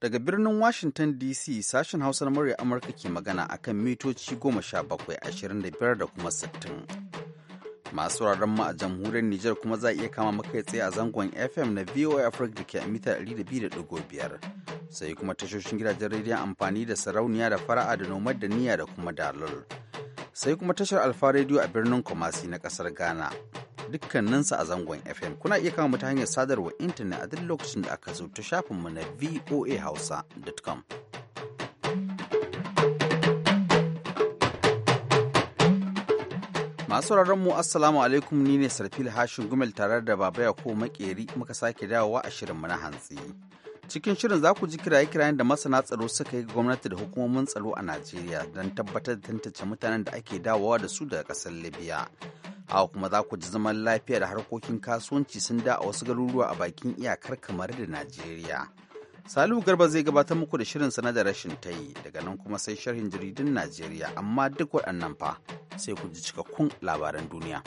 Daga birnin Washington DC sashen Hausa na murya Amurka ke magana a kan mitoci 17,25 da kuma 60. Masu wuraren mu a jamhuriyar Nijar kuma za a iya kama maka tsaye a zangon FM na VOA Africa da ke a mita 200.5 sai kuma tashoshin gidajen rediyon amfani da sarauniya da fara'a da nomad da niyya da kuma dalol. sai kuma tashar Alfa Radio a birnin Kumasi na kasar Ghana. Dukkaninsa a zangon FM kuna iya kama ta hanyar sadarwa intanet a duk lokacin da aka zo ta shafinmu na voahausa.com. Masu mu Assalamu alaikum ni ne Sarfil Hashin Gumel tare da Baba ko Makeri muka sake dawowa a shirinmu na hantsi. Cikin shirin za ku ji kiraye-kirayen da masana tsaro suka yi gwamnati da hukumomin tsaro a Najeriya don tabbatar da tantance mutanen da ake dawowa da su daga kasar Libya. a kuma za ku ji zaman lafiya da harkokin kasuwanci sun da a wasu garuruwa a bakin iyakar kamar da Najeriya. Salihu Garba zai gabatar muku da shirin sana da rashin ta yi daga nan kuma sai sharhin jaridun Najeriya amma duk waɗannan fa sai ku ji cikakkun labaran duniya.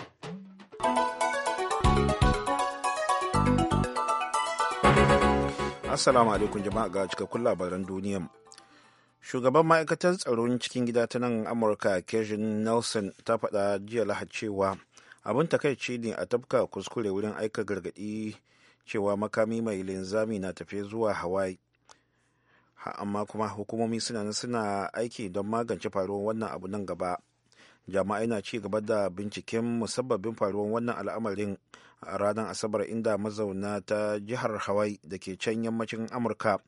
Assalamu alaikum jama'a ga cikakkun labaran duniya. Shugaban ma'aikatar tsaron cikin gida ta nan Amurka Kejin Nelson ta faɗa jiya lahad cewa abin takaici ne a tafka kuskure wurin aika gargaɗi cewa makami mai linzami na tafe zuwa Hawaii. amma kuma hukumomi suna suna aiki don magance faruwar wannan abu nan gaba. Jama'ai na ci gaba da binciken musabbabin faruwar wannan al'amarin a ranar asabar inda mazauna ta jihar hawaii da ke can yammacin amurka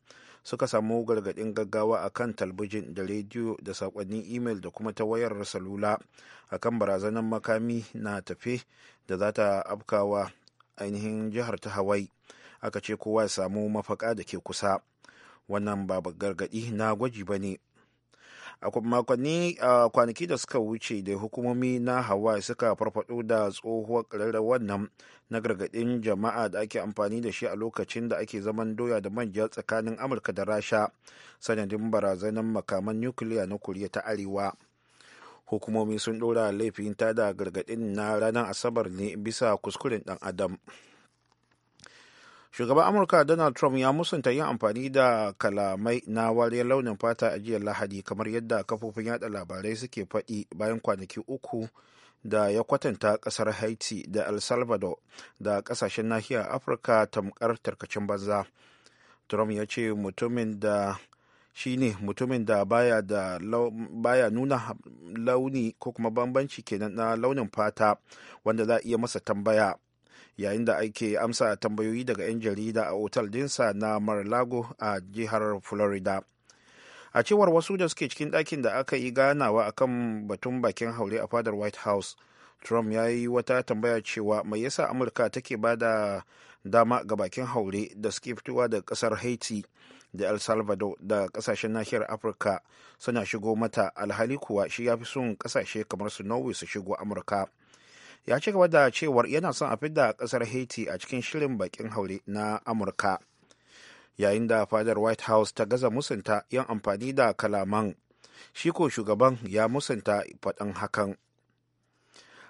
suka samu gargaɗin gaggawa a kan talbijin da rediyo da saƙonnin imel da kuma ta wayar salula a kan barazanar makami na tafe da za ta afkawa ainihin jihar ta hawaii aka ce kowa ya samu mafaka da ke kusa wannan ba gargaɗi na gwaji ba ne a makonni kwanaki da suka wuce da hukumomi na hawaii suka farfado da tsohuwar ƙararrawar wannan na gargaɗin jama'a da ake amfani da shi a lokacin da ake zaman doya da manja tsakanin amurka da rasha sanadin barazanar makaman nukiliya na koriya ta arewa hukumomi sun ɗora laifin tada gargaɗin na ranar asabar ne bisa kuskuren ɗan adam shugaban amurka donald trump ya musanta yin amfani da kalamai na wariyar launin fata a jiya lahadi kamar yadda kafofin yada labarai suke faɗi bayan kwanaki uku da ya kwatanta ƙasar haiti da el salvador da ƙasashen nahiyar afirka tamkar tarkacin banza trump ya ce mutumin da shi ne mutumin da baya da baya nuna launi ko kuma bambanci kenan na launin fata wanda za a iya masa tambaya yayin da ake amsa tambayoyi daga 'yan jarida a otal dinsa na mar-lago a jihar florida a cewar wasu da suke cikin ɗakin da aka yi ganawa a kan batun bakin haure a fadar white house trump ya yi wata tambaya cewa mai yasa amurka take ba da dama ga bakin haure da suke fitowa da ƙasar haiti da el salvador da ƙasashen nahiyar afirka suna shigo mata alhali kuwa shi ya fi son ƙasashe kamar su norway su shigo amurka ya ci gaba da cewar yana son a fidda kasar haiti a cikin shirin bakin haure na amurka yayin da fadar white house ta gaza musunta yan amfani da kalaman shi ko shugaban ya musunta faɗin hakan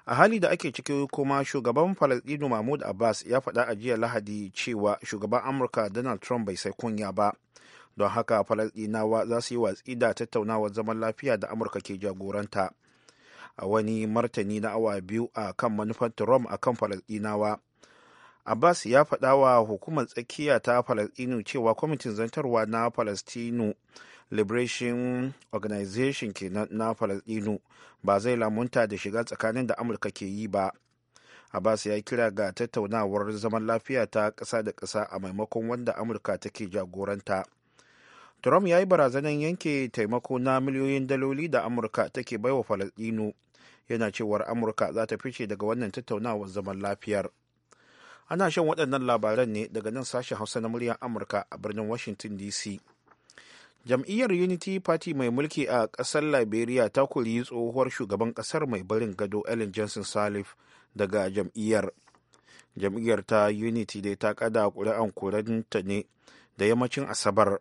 a hali da ake ciki kuma shugaban falasɗinu mahmud abbas ya faɗa a jiya lahadi cewa shugaban amurka donald trump bai sai kunya ba don haka falasɗinawa za su yi watsi da tattaunawar zaman lafiya da amurka ke jagoranta a wani martani na awa biyu a kan manufar trump a kan falasɗinawa abbas ya faɗa wa hukumar tsakiya ta falasɗinu cewa kwamitin zantarwa na falasɗinu liberation organization kenan na falasɗinu ba zai lamunta da shiga tsakanin da amurka ke yi ba abbas ya kira ga tattaunawar zaman lafiya ta ƙasa da ƙasa a maimakon wanda amurka take jagoranta trump ya yi barazanar yanke taimako na miliyoyin daloli da amurka take baiwa falasɗinu yana cewar amurka za ta fice daga wannan tattaunawar zaman lafiyar ana shan waɗannan labaran ne daga nan sashen hausa na muryar amurka a birnin washington dc jam'iyyar unity party mai mulki a ƙasar liberia ta kuri tsohuwar shugaban ƙasar mai barin gado ellen johnson salif daga jam'iyyar jam'iyyar ta unity dai ta kada ƙuri'an ta ne da yammacin asabar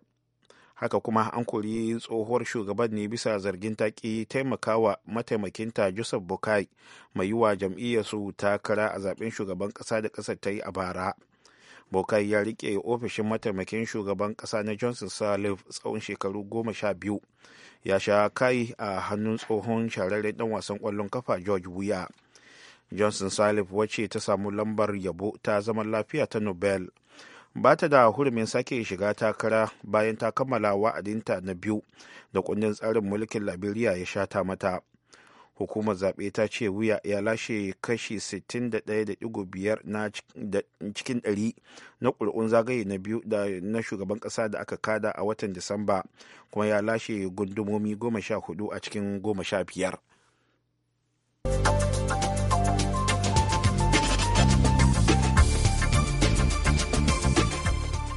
haka kuma an kori tsohuwar shugaban ne bisa zargin taƙi taimakawa mataimakinta joseph bukai mai yi wa jam'iyyarsu takara a zaben shugaban ƙasa da ƙasa ta yi a bara bukai ya riƙe ofishin mataimakin shugaban ƙasa na johnson salif tsawon shekaru goma sha biyu ya sha kai a hannun tsohon shararren ɗan wasan ƙwallon kafa george wuya johnson salif wacce ta samu lambar yabo ta zaman lafiya ta nobel ba ta da hurumin sake shiga takara bayan ta kammala wa'adinta na biyu da kundin tsarin mulkin liberia ya shata mata hukumar zaɓe ta ce wuya ya lashe kashi 61.5 na cikin 100 na ƙuri'un zagaye na biyu da na shugaban ƙasa da aka kada a watan disamba kuma ya lashe gundumomi 14 a cikin 15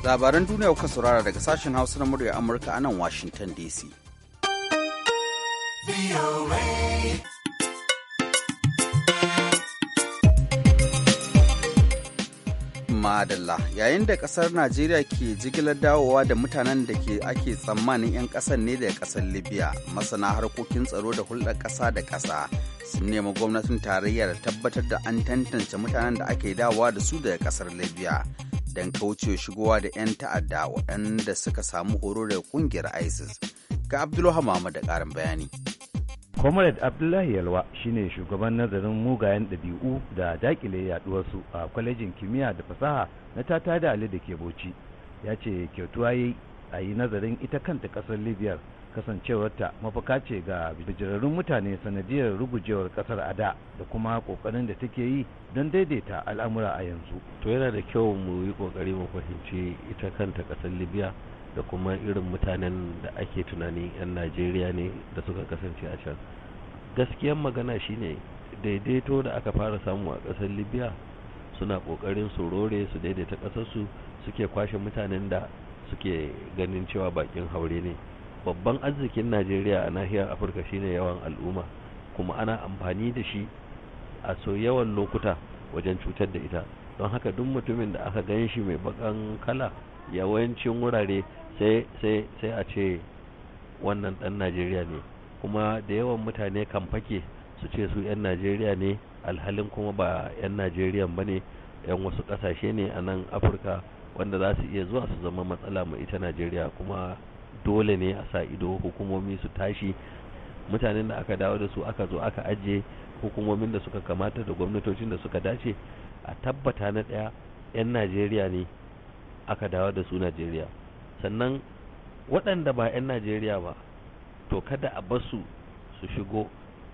labaran duniya kuka saurara daga sashen hausa na murya amurka a nan washington dc madalla yayin da kasar najeriya ke jigilar dawowa da mutanen da ke ake tsammanin 'yan kasar ne daga kasar libya masana harkokin tsaro da hulɗar ƙasa da ƙasa sun nemi gwamnatin tarayya da tabbatar da an tantance mutanen da ake dawowa da su daga kasar libya don kauce shigowa da 'yan ta'adda waɗanda suka samu horo daga ƙungiyar isis ga abdullahi muhammad da ƙarin bayani comrade abdullahi yalwa shine shugaban nazarin mugayen ɗabi'u da dakile yaɗuwarsu a kwalejin kimiyya da fasaha na tata da ali da ke bauchi ya ce kyautuwa yi a yi nazarin ita kanta ƙasar libyar kasancewarta mafaka ce ga bijirarrun mutane sanadiyar rugujewar kasar a da da kuma kokarin da take yi don daidaita al'amura a yanzu to yana da kyau mu yi kokari mu fahimci ita kanta kasar libya da kuma irin mutanen da ake tunanin 'yan najeriya ne da suka kasance a can gaskiyan magana shine daidaito da aka fara samu a kasar libya suna kokarin su rore su daidaita kasarsu suke kwashe mutanen da suke ganin cewa bakin haure ne babban arzikin najeriya a nahiyar afirka shine yawan al'umma kuma ana amfani da shi a so yawan lokuta wajen cutar da ita don haka duk mutumin da aka gan shi mai bakan kala yawancin wurare sai a ce wannan dan najeriya ne kuma da yawan mutane kan fake su ce su 'yan najeriya ne alhalin kuma ba 'yan najeriya ba ne 'yan wasu kasashe ne a nan afirka wanda za su iya zuwa su zama matsala mai ita najeriya kuma dole ne a sa ido hukumomi su tashi mutanen da aka dawo da su aka zo aka ajiye hukumomin da suka kamata da gwamnatocin da suka dace a tabbata na ɗaya 'yan najeriya ne aka dawo da su najeriya sannan waɗanda ba 'yan najeriya ba to kada a basu su shigo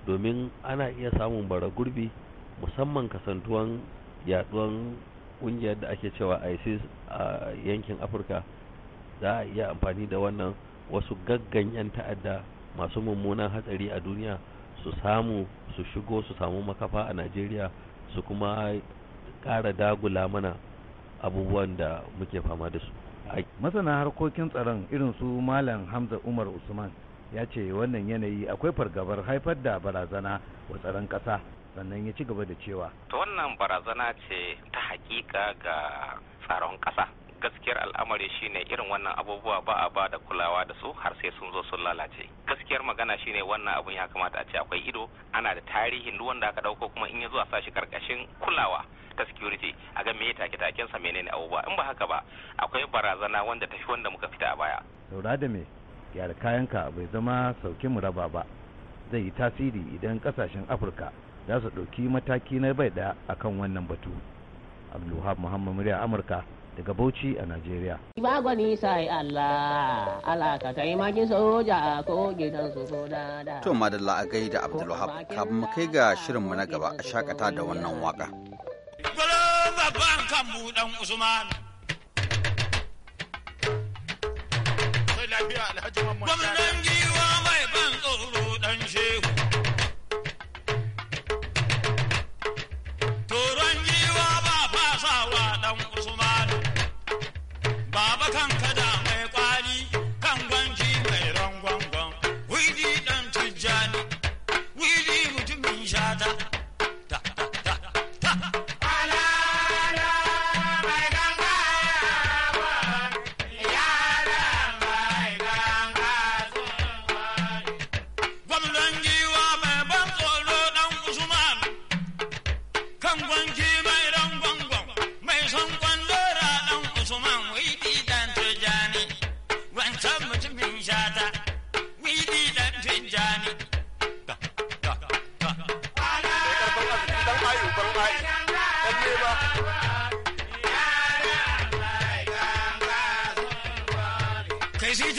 domin ana iya samun bara gurbi musamman kasantuwan yaduwan ƙungiyar da ake cewa isis a yankin afirka za a iya amfani da wannan wasu gaggan 'yan ta'adda masu mummunan hatsari a duniya su samu su shigo su samu makafa a najeriya su kuma ƙara dagula mana abubuwan da muke fama da su masana harkokin tsaron irin su malam hamza umar usman ya ce wannan yanayi akwai fargabar haifar da barazana wa tsaron ƙasa sannan ya ci gaba da cewa to wannan barazana ce ta hakika ga tsaron ƙasa gaskiyar al'amari shine irin wannan abubuwa ba a ba da kulawa da su har sai sun zo sun lalace gaskiyar magana shine wannan abun ya kamata a ce akwai ido ana da tarihin duk wanda aka dauko kuma in ya zo a sashi karkashin kulawa ta security a ga meye take taken sa menene abubuwa in ba haka ba akwai barazana wanda tafi wanda muka fita a baya saura da me kayan ka bai zama sauki mu raba ba zai yi tasiri idan kasashen afirka za su ɗauki mataki na bai ɗaya akan wannan batu abdulhab muhammad murya amurka daga Bauchi a Najeriya. Allah, ko gidan su ko dada. To madalla a gaida Abdulwahab, kafin mu kai ga shirinmu na gaba a shakata da wannan waka. Usman. Gwamnati sai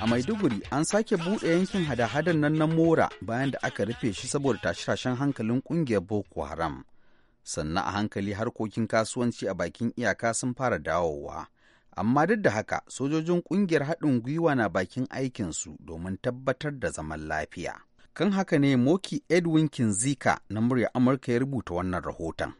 a maiduguri an sake buɗe yankin hada-hadan nan na mora bayan da aka rufe shi saboda tashe-tashen hankalin ƙungiyar boko haram sannan a hankali harkokin kasuwanci a bakin iyaka sun fara dawowa amma duk da haka sojojin ƙungiyar haɗin gwiwa na bakin aikinsu domin tabbatar da zaman lafiya kan haka ne moki edwin kinzika na murya amurka ya rubuta wannan rahoton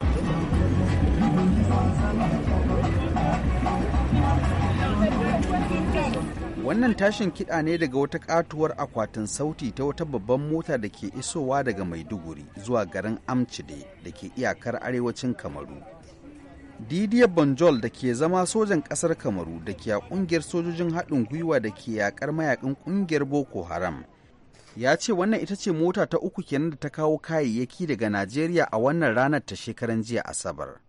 Wannan tashin kiɗa ne daga wata katuwar akwatin sauti ta wata babban mota da ke isowa daga Maiduguri zuwa garin Amcide da ke iyakar arewacin Kamaru. Didier Bonjol da ke zama sojan ƙasar Kamaru da ke a ƙungiyar sojojin haɗin gwiwa da ke yaƙar mayakan ƙungiyar Boko Haram. Ya ce wannan ita ce mota ta uku kenan da ta kawo kayayyaki daga Najeriya a wannan ranar ta shekaran jiya Asabar.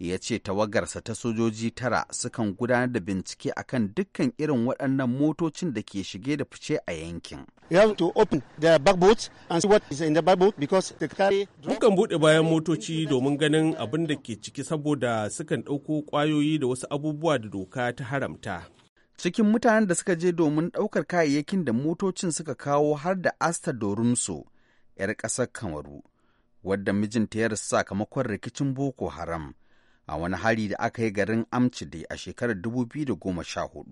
ya ce tawagarsa ta sojoji tara sukan gudanar da bincike akan dukkan irin waɗannan motocin da ke shige da fice a yankin. Mukan buɗe bayan motoci domin ganin abin da ke ciki saboda sukan ɗauko ƙwayoyi da wasu abubuwa da doka ta haramta. Cikin mutanen da suka je domin ɗaukar kayayyakin da motocin suka kawo har da Asta Dorumso, 'yar ƙasar Kamaru, wadda mijinta ya rasu sakamakon rikicin Boko Haram. a wani hari da aka yi garin Amcide a shekarar 2014.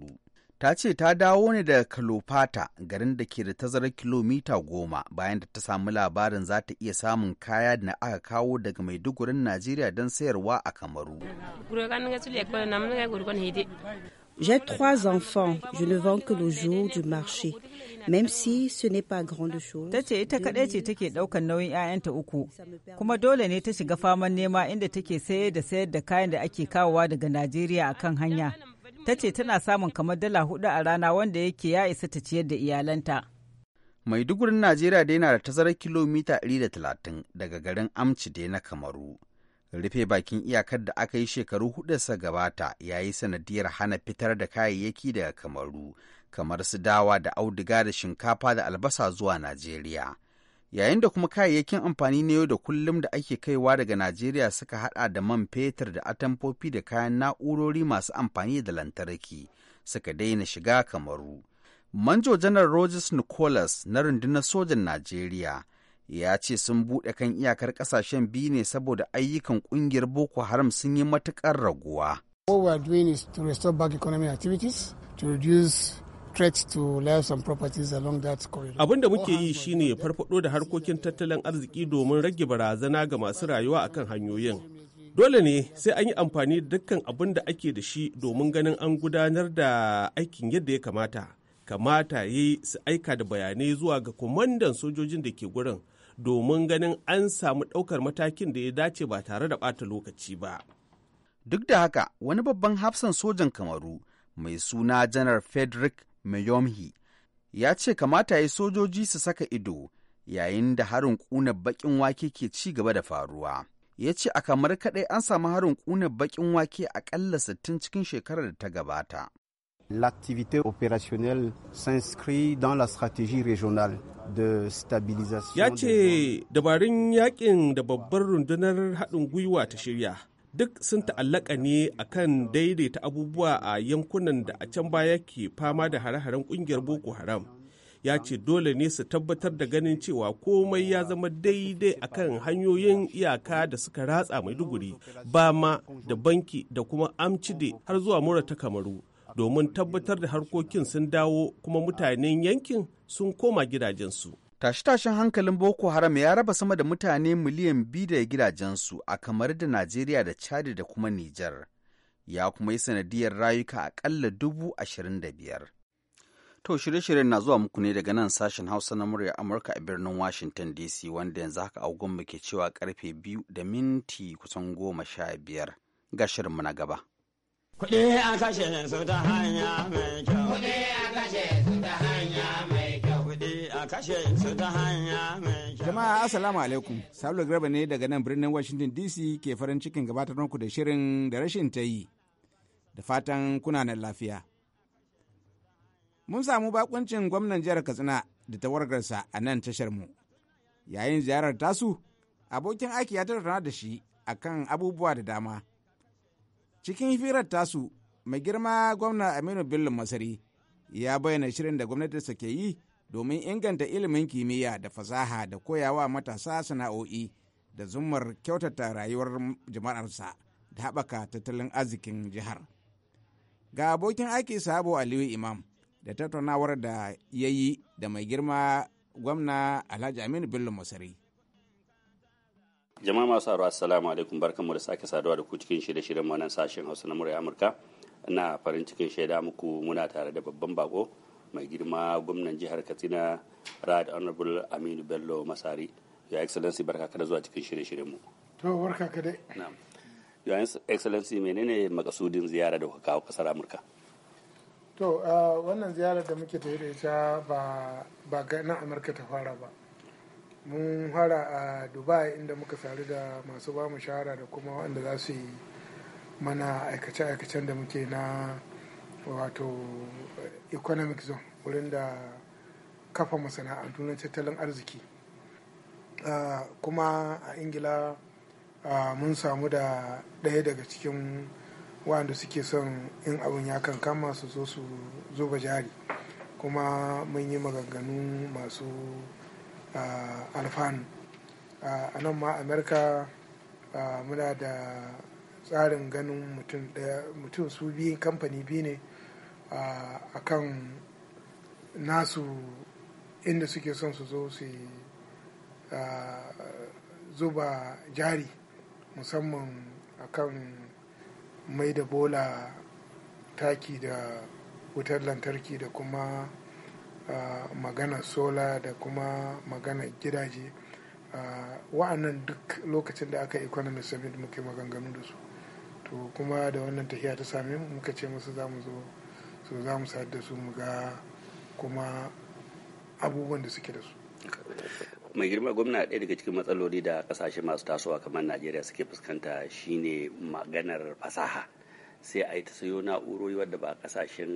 Ta ce ta dawo ne daga kalofata garin da ke da tazarar kilomita goma bayan da ta samu labarin za ta iya samun kaya da aka kawo daga Maidugurin Najeriya don sayarwa a Kamaru. J'ai trois enfants, je ne vends que le jour du marché, même si ce n'est pas grande chose. Ta ce ita kaɗai ce take ɗaukar nauyin 'ya'yanta uku, kuma dole ne ta shiga faman nema inda take sayar da sayar da kayan da ake kawowa daga Najeriya a kan hanya. Ta ce tana samun kamar dala hudu a rana wanda yake ya isa ta ciyar da iyalanta. maidugurin Najeriya da yana da tazarar kilomita 130 daga garin Amci na Kamaru. rufe bakin iyakar da aka yi shekaru hudu sa gabata ya yi sanadiyar hana fitar da kayayyaki daga kamaru kamar su dawa da auduga da shinkafa da albasa zuwa najeriya yayin da kuma kayayyakin amfani na yau da kullum da ake kaiwa daga najeriya suka hada da man fetur da atamfofi da kayan na'urori masu amfani da lantarki suka daina shiga kamaru manjo janar rogers nicholas na rundunar sojan najeriya ya ce sun buɗe kan iyakar ƙasashen biyu ne saboda ayyukan ƙungiyar boko haram sun yi matukar raguwa. What we are doing is to restore back economic activities, to reduce threats along that corridor. Abin da muke yi shine farfado da harkokin tattalin arziki domin rage barazana ga masu rayuwa akan hanyoyin. Dole ne sai an yi amfani da dukkan abin da ake da shi domin ganin an gudanar da aikin yadda ya kamata. Kamata ya yi su aika da bayanai zuwa ga kwamandan sojojin da ke gurin domin ganin an samu ɗaukar matakin da ya dace ba tare da ɓata lokaci ba. Duk da haka wani babban hafsan sojan kamaru mai suna janar Frederick Mayomhi ya ce kamata ya sojoji su saka ido yayin da harin ƙuna baƙin wake ke ci gaba da faruwa. Ya ce a kamar kaɗai an samu harin ƙuna baƙin wake aƙalla 60 cikin shekarar da ta gabata. L'activité opérationnelle s'inscrit dans la stratégie régionale Ya ce dabarun yakin da babbar rundunar haɗin gwiwa ta shirya duk sun ta'allaka ne akan daidaita abubuwa a yankunan da a can baya ke fama da hare-haren ƙungiyar Boko Haram. Ya ce dole ne su tabbatar da ganin cewa komai ya zama daidai akan hanyoyin iyaka da suka ratsa Maiduguri, Bama da Banki da kuma Amcide har zuwa Mura ta Kamaru. domin tabbatar da harkokin sun dawo kuma mutanen yankin sun koma gidajensu. Tashe-tashen hankalin Boko Haram ya raba sama da mutane miliyan biyu da gidajensu a kamar da Najeriya da Chad da kuma Nijar. Ya kuma yi sanadiyar rayuka akalla dubu ashirin da biyar. To shirye-shiryen na zuwa muku ne daga nan sashen Hausa na murya Amurka a birnin Washington DC wanda yanzu haka augun muke cewa karfe biyu da minti kusan goma sha biyar ga shirinmu na gaba. Kuɗi a kashe su ta hanya mai kyau. Kuɗi a kashe su ta hanya mai kyau. Kuɗi a kashe su ta hanya mai kyau. Jama'a Assalamu alaikum. Sabulu Garba ne daga nan birnin Washington DC ke farin cikin gabatar muku da shirin da rashin ta yi. Da fatan kuna nan lafiya. Mun samu bakuncin gwamnan jihar Katsina da tawargarsa a nan tashar mu. Yayin ziyarar tasu, abokin aiki ya tattauna da shi akan abubuwa da dama. cikin hirar tasu mai girma gwamna aminu bello masari ya bayyana shirin da gwamnatinsa ke yi domin inganta ilimin kimiyya da fasaha da koyawa matasa sana'o'i da zumar kyautata rayuwar jama'arsa da haɓaka tattalin arzikin jihar ga abokin aiki sabo aliyu imam da tattaunawar da ya yi da mai girma gwamna alhaji aminu bello masari jama'a masu aro assalamu alaikum barkanmu da sake saduwa da ku cikin shirye-shiryen wannan sashen hausa na murya amurka ina farin cikin shaida muku muna tare da babban bako mai girma gwamnan jihar katsina rad honorable aminu bello masari ya excellency barka kada zuwa cikin shirye-shiryen mu to barka ka dai ya excellency menene makasudin ziyara da kuka kawo kasar amurka to ah, wannan ziyara da muke yi da ita ba ba na amurka ta fara ba mun hara a dubai inda muka sari da masu ba mu shahara da kuma wanda za su yi mana aikace-aikacen da muke na wato economic zone wurin da kafa masana'antu na tattalin arziki kuma a ingila mun samu da ɗaya daga cikin wanda suke son in abin ya kan su zo su zuba jari kuma mun yi maganganu masu alfanu a nan ma amurka muna da tsarin ganin mutum daya mutum su biyu kamfani biyu ne a kan nasu inda suke son su zo su zuba jari musamman akan mai da bola taki da wutar lantarki da kuma magana sola da kuma magana gidaje wa'annan duk lokacin da aka economy summit muke maganganu da su to kuma da wannan tafiya ta sami mu muka ce musu za mu zo so za mu sayar da su mu ga kuma abubuwan da suke da su mai girma gwamna ɗaya daga cikin matsaloli da kasashe masu tasowa kamar najeriya suke fuskanta shine maganar fasaha sai a yi ta sayo na'urori wadda ba kasashen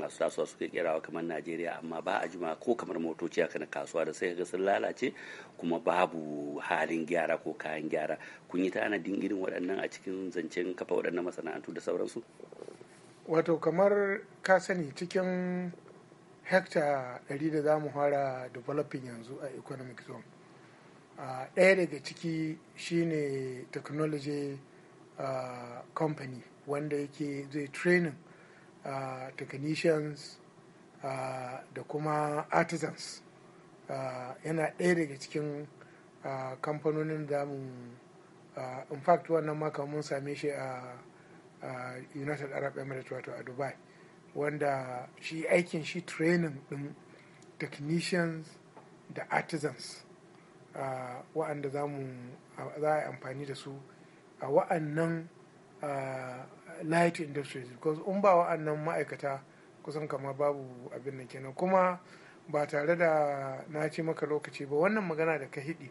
masu tasowa suke kerawa kamar najeriya amma ba a jima ko kamar motoci haka na kasuwa da sai ga sun lalace kuma babu halin gyara ko kayan gyara kun yi tanadin irin waɗannan a cikin zancen kafa waɗannan masana'antu da sauransu wato kamar ka sani cikin hekta ɗari da za mu fara developing yanzu a economic zone ɗaya daga ciki shine technology uh, company wanda yake zai training uh, technicians uh, da kuma artisans uh, yana ɗaya daga cikin uh, kamfanonin da mu uh, in fact wannan maka mun same shi a uh, uh, united arab emirates wato a dubai wanda shi aikin shi training ɗin technicians da artisans uh, wa'anda za a yi amfani da su a wa'annan light industries because in ba wa'annan ma'aikata kusan kama babu abin da kenan kuma ba tare da na ce maka lokaci ba wannan magana da ka hidi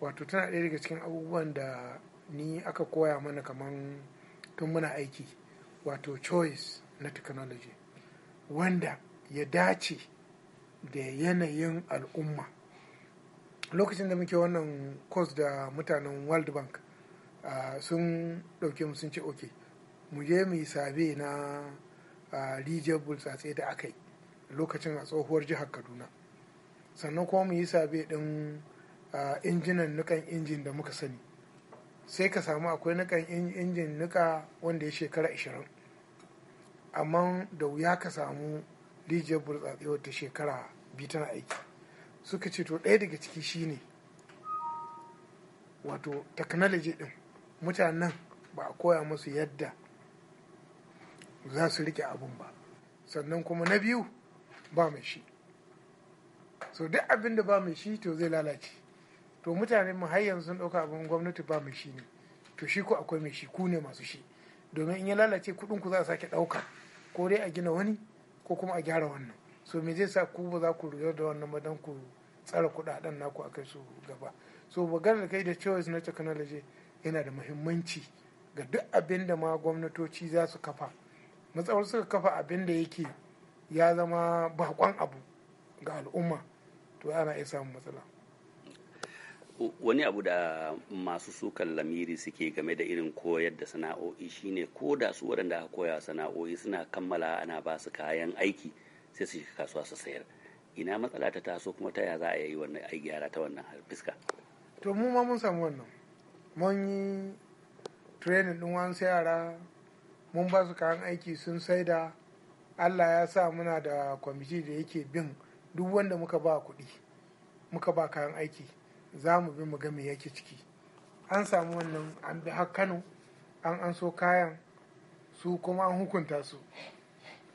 wato tana ɗaya daga cikin abubuwan da ni aka koya mana kaman tun muna aiki wato choice na technology wanda ya dace da yanayin al'umma lokacin da muke wannan course da mutanen world bank sun ɗauke mu sun ce oke. mu je mu yi sabe na rijiyar bultsatse da aka yi lokacin a tsohuwar jihar kaduna sannan kuma mu yi sabe ɗin injinan nukan injin da muka sani sai ka samu akwai nukan injin nuka wanda ya shekara 20 amma da wuya ka samu rijiyar burtsatse wata shekara biyu tana aiki suka ce to ɗaya daga ciki shine wato technology din mutanen ba a koya musu yadda za su rike abun ba sannan kuma na biyu ba mai shi so duk abin da ba mai shi to zai lalace to mutane mu har yanzu sun ɗauka abin gwamnati ba mai shi ne to shi ko akwai mai shi ku ne masu shi domin in ya lalace kuɗin ku za a sake ɗauka ko dai a gina wani ko kuma a gyara wannan so me zai sa ku ba za ku lura da wannan ba don ku tsara kuɗaɗen naku a kai su gaba so da kai da choice na technology yana da muhimmanci ga duk abin da ma gwamnatoci za su kafa matsawar suka kafa abin da yake ya zama bakon abu ga al'umma to ana iya samun matsala wani abu da masu sukan lamiri suke game da irin koyar da sana'o'i shine ko da su waɗanda aka koya sana'o'i suna kammala ana ba su kayan aiki sai su shiga kasuwa su sayar ina matsala ta taso kuma ta ya za a yi wannan ai gyara ta wannan fiska to mu ma mun samu wannan mun yi training ɗin wasu yara mun ba su kayan aiki sun da allah ya sa muna da kwamiti da yake bin duk wanda muka ba kuɗi muka ba kayan aiki za mu bi mu ga me yake ciki an samu wannan an bi har kano an an so kayan su kuma an hukunta su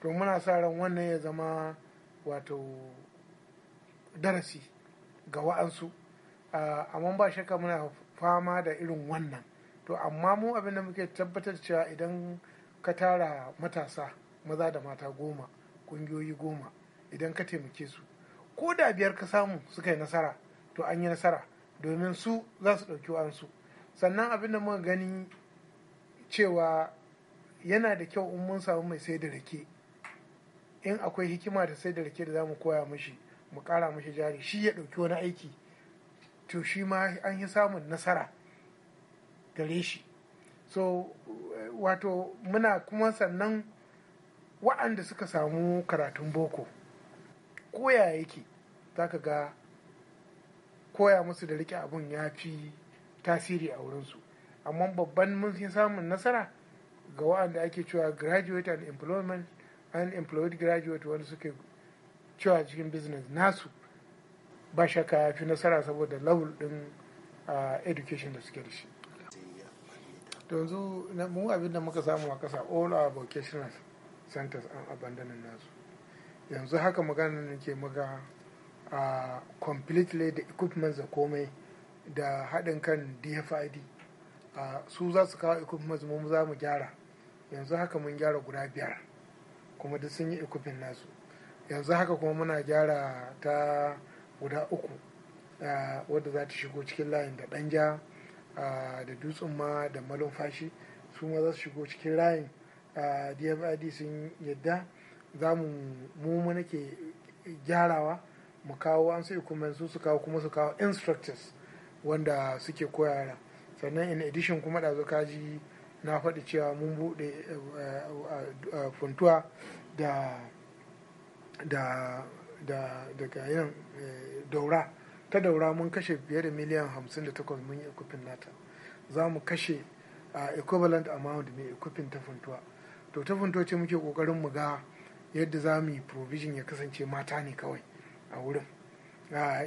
to muna sa ran wannan ya zama wato darasi ga wa'ansu ah, amma ba shakka muna fama da irin wannan to amma mu abin da muke tabbatar cewa idan ka tara matasa maza da mata goma ƙungiyoyi goma idan ka taimake su ko da biyar ka samu suka yi nasara to an yi nasara domin su za su ɗauki wa'ansu sannan abin da muka gani cewa yana da kyau in mun samu mai sai da rake in akwai hikima da sai da rake da za mu koya mashi mu ƙara mashi jari shi ya ɗauki wani aiki to shi ma an yi samun nasara gare shi so wato muna kuma sannan wa'anda suka samu karatun boko koya yake za ka ga koya musu da rike abun ya fi tasiri a wurinsu amma babban mun samun nasara ga wa'anda ake cewa graduate and employment and employed graduate wanda suke cewa cikin business nasu ba shakka ya fi nasara saboda level din education da suke da shi yanzu mu abin da muka samu a ƙasa all our vocational centers an abandonin nasu yanzu haka magana ne ke muga a completely da equipment da komai da haɗin kan dfid su za su kawo equipment mu za mu gyara yanzu haka mun gyara guda biyar kuma duk sun yi equipment nasu yanzu haka kuma muna gyara ta guda uku wadda za ta shigo cikin layin da danja da dutsen ma da malumfashi su ma za su shigo cikin layin dfid sun yadda za mu mu nake gyarawa mu kawo an sai kuma su su kawo kuma su kawo instructors wanda suke koyara sannan in edishin kuma da kaji na faɗi cewa mun buɗe funtuwa da daga yin eh, daura ta daura mun kashe fiye da miliyan 58 mun yi ekwafin nata za mu kashe a equivalent amount mai ekwafin ta funtuwa to ta ce muke kokarin mu ga yadda za mu yi provision ya kasance mata ne kawai a wurin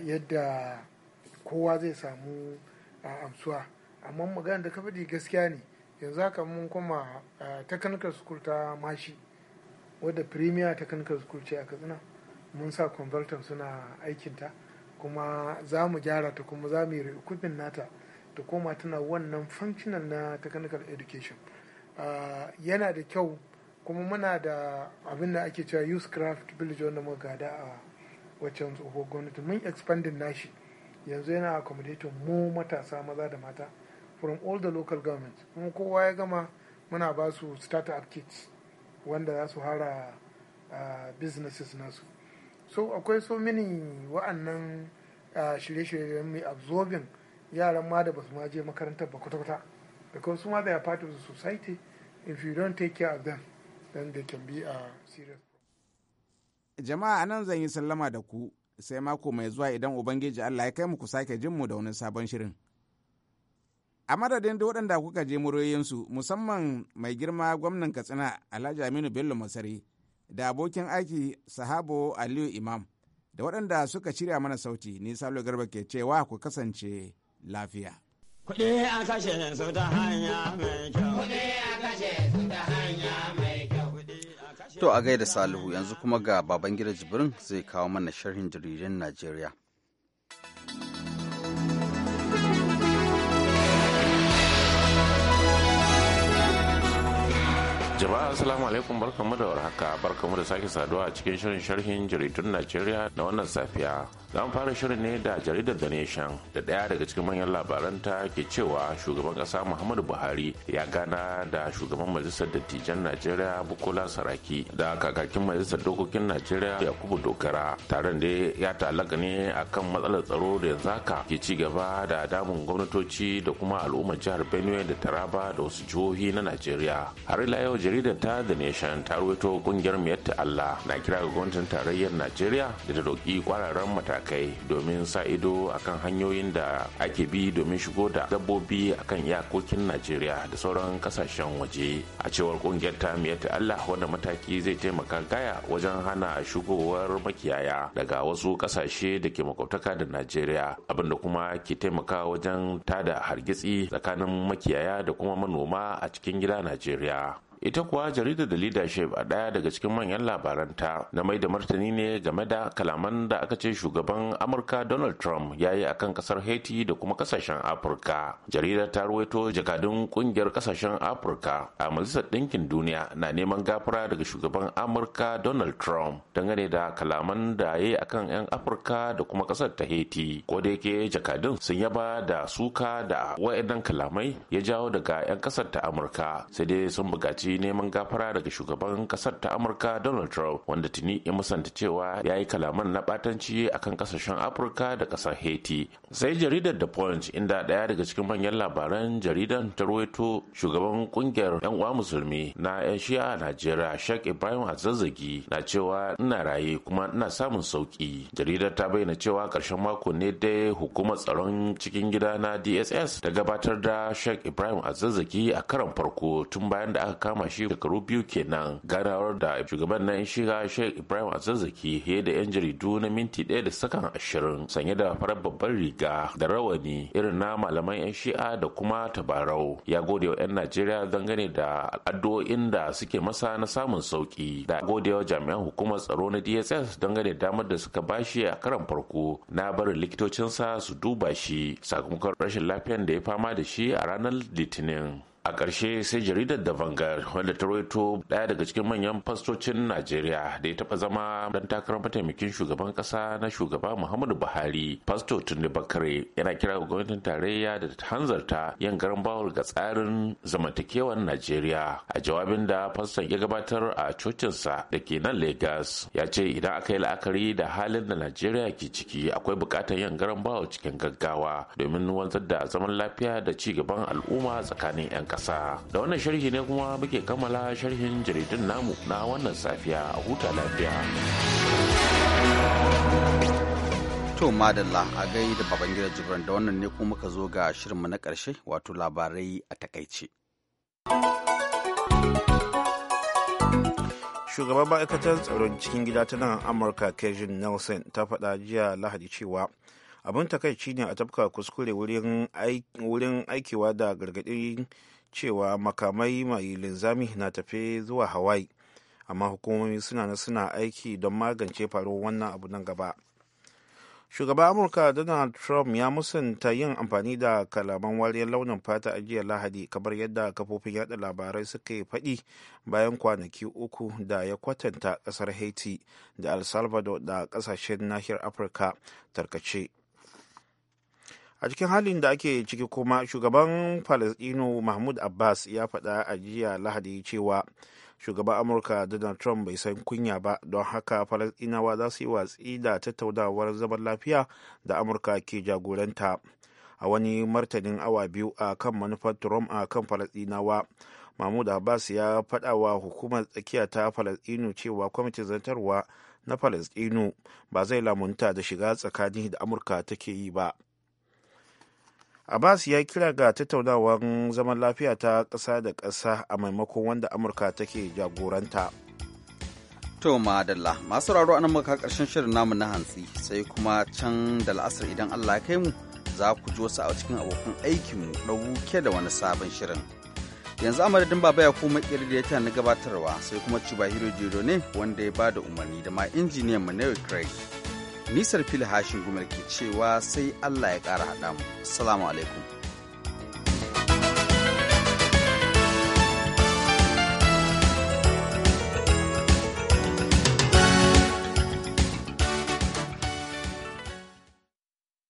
yadda kowa zai samu amsuwa amma magana da kafa gaskiya ne yanzu haka mun kuma technical school ta mashi wadda premier technical school ce a katsina mun sa consultant suna aikinta kuma za mu gyara ta kuma za mu yi recouping nata ta koma tana wannan functional na technical education ah, yana da kyau kuma muna da abin da ake cewa use craft village wanda muka gada a waccan tsohuwar gwamnati mun expanding nashi yanzu yana accommodating mu matasa maza da mata from all the local governments kuma kowa ya gama muna ba su startup kits wanda za su hara ah, businesses nasu so akwai so mini wa'annan shirye-shiryen mai absorbing yaran ma da basu ma je makarantar ba kwata-kwata because ma they part of society if you don't take care of them then they can be a serious jama'a anan zan yi sallama da ku sai mako mai zuwa idan ubangiji Allah ya kai mu ku sake jin mu da wani sabon shirin a madadin da waɗanda kuka je muryoyinsu musamman mai girma gwamnan katsina alhaji aminu bello masari da abokin aiki sahabo aliyu imam da waɗanda suka shirya mana sauti ni salo garba ke cewa ku kasance lafiya kuɗi a kashe su ta hanya mai kyau to a gaida salihu yanzu kuma ga babangida jibrin zai kawo mana sharhin jaridan najeriya jama'a assalamu alaikum barkamu da warhaka barkamu da sake saduwa a cikin shirin sharhin jaridun najeriya na wannan safiya za mu fara shirin ne da jaridar da nation da daya daga cikin manyan labaranta ke cewa shugaban kasa muhammadu buhari ya gana da shugaban majalisar dattijan najeriya bukola saraki da kakakin majalisar dokokin najeriya yakubu dogara taron da ya ta'allaka ne akan matsalar tsaro da yanzu haka ke ci gaba da damun gwamnatoci da kuma al'ummar jihar benue da taraba da wasu jihohi na najeriya har ila yau jaridar ta The Nation ta ruwaito kungiyar Miyatta Allah na kira ga gwamnatin tarayyar Najeriya da ta roƙi kwararan matakai domin sa ido akan hanyoyin da ake bi domin shigo da dabbobi akan iyakokin Najeriya da sauran kasashen waje. A cewar kungiyar ta Miyatta Allah wanda mataki zai taimaka gaya wajen hana shigowar makiyaya daga wasu kasashe da ke makwabtaka da Najeriya abinda kuma ke taimaka wajen tada hargitsi tsakanin makiyaya da kuma manoma a cikin gida Najeriya. ita kuwa jaridar da leadership a ɗaya daga cikin manyan labaranta na mai da martani ne game da kalaman da aka ce shugaban amurka donald trump ya yi a kan ƙasar haiti da kuma kasashen afirka jaridar ta ruwaito jakadun ƙungiyar ƙasashen afirka a majalisar ɗinkin duniya na neman gafara daga shugaban amurka donald trump dangane da kalaman da ya yi a kan 'yan afirka da kuma ƙasar ta haiti ko da yake jakadun sun yaba da suka da wa'annan kalamai ya jawo daga 'yan ƙasar ta amurka sai dai sun buƙaci buƙaci neman gafara daga shugaban kasar ta amurka donald trump wanda tuni ya musanta cewa ya yi kalaman na batanci akan kasashen afirka da kasar haiti sai jaridar the punch inda daya daga cikin manyan labaran jaridan ta ruwaito shugaban ƙungiyar 'yan uwa musulmi na 'yan shi'a a najeriya sheikh ibrahim azazzagi na cewa ina raye kuma ina samun sauki jaridar ta bayyana cewa karshen mako ne dai hukumar tsaron cikin gida na dss ta gabatar da sheikh ibrahim azazzagi a karon farko tun bayan da aka kama kama shi shekaru biyu kenan ganawar da shugaban nan shiga sheikh ibrahim azazzaki ya da yan jaridu na minti ɗaya da sakan ashirin sanye da farar babbar riga da rawani irin na malaman yan shi'a da kuma tabarau ya gode wa yan najeriya dangane da addu'o'in da suke masa na samun sauki da gode wa jami'an hukumar tsaro na dss dangane da damar da suka bashi a karan farko na barin likitocinsa su duba shi sakamakon rashin lafiyan da ya fama da shi a ranar litinin a ƙarshe sai jaridar da vangar wanda ta roito ɗaya daga cikin manyan fastocin najeriya da ya taɓa zama don takarar mataimakin shugaban ƙasa na shugaba muhammadu buhari fasto tunde bakare yana kira ga gwamnatin tarayya da ta hanzarta yan garin bawul ga tsarin zamantakewar najeriya a jawabin da faston ya gabatar a cocinsa da ke nan Legas, ya ce idan aka yi la'akari da halin da najeriya ke ciki akwai buƙatar yan garin bawul cikin gaggawa domin wanzar da zaman lafiya da ci gaban al'umma tsakanin yan kasa da wannan sharhi ne kuma muke kammala sharhin jaridun namu na wannan safiya a huta lafiya to madalla a gaida babangida jibran da wannan ne kuma muka zo ga shirinmu na karshe wato labarai a takaice shugaban ma'aikatar tsaron cikin gida ta nan amurka kejin nelson ta faɗa jiya lahadi cewa abin takaici ne a tafka kuskure wurin aikewa da gargaɗin cewa makamai mai linzami na tafe zuwa hawaii amma hukumomi suna na suna aiki don magance faruwar wannan abu nan gaba shugaban amurka donald trump ya musanta yin amfani da kalaman wariyar launin fata a jiya lahadi kamar yadda kafofin yada labarai suka yi faɗi bayan kwanaki uku da ya kwatanta ƙasar haiti da el salvador da ƙasashen nahiyar afirka tarkace a cikin halin da ake ciki kuma shugaban palestino mahmud abbas ya faɗa a jiya lahadi cewa shugaban amurka donald trump bai san kunya ba don haka palestinawa za su yi watsi da tattaunawar zaman lafiya da amurka ke jagoranta a wani martanin awa biyu a kan manufar trump a kan palestinawa mahmud abbas ya faɗa wa hukumar tsakiya ta palestino cewa kwamitin zartarwa na palestino ba zai lamunta da shiga tsakanin da amurka take yi ba abbas ya kira ga tattaunawar zaman lafiya ta kasa da kasa a maimakon wanda amurka take jagoranta to madalla masu raro anan muka karshen shirin namu na hantsi sai kuma can da la'asar idan allah ya kai mu za ku ji wasu a cikin abokan aikinmu ɗauke da wani sabon shirin yanzu amadadin baba ya kuma irin na gabatarwa sai kuma ciba jiro ne wanda ya ba da umarni da ma injiniyan mu na craig Nisar fili hashin gumar ke cewa sai Allah ya ƙara haɗa mu. Salamu alaikum.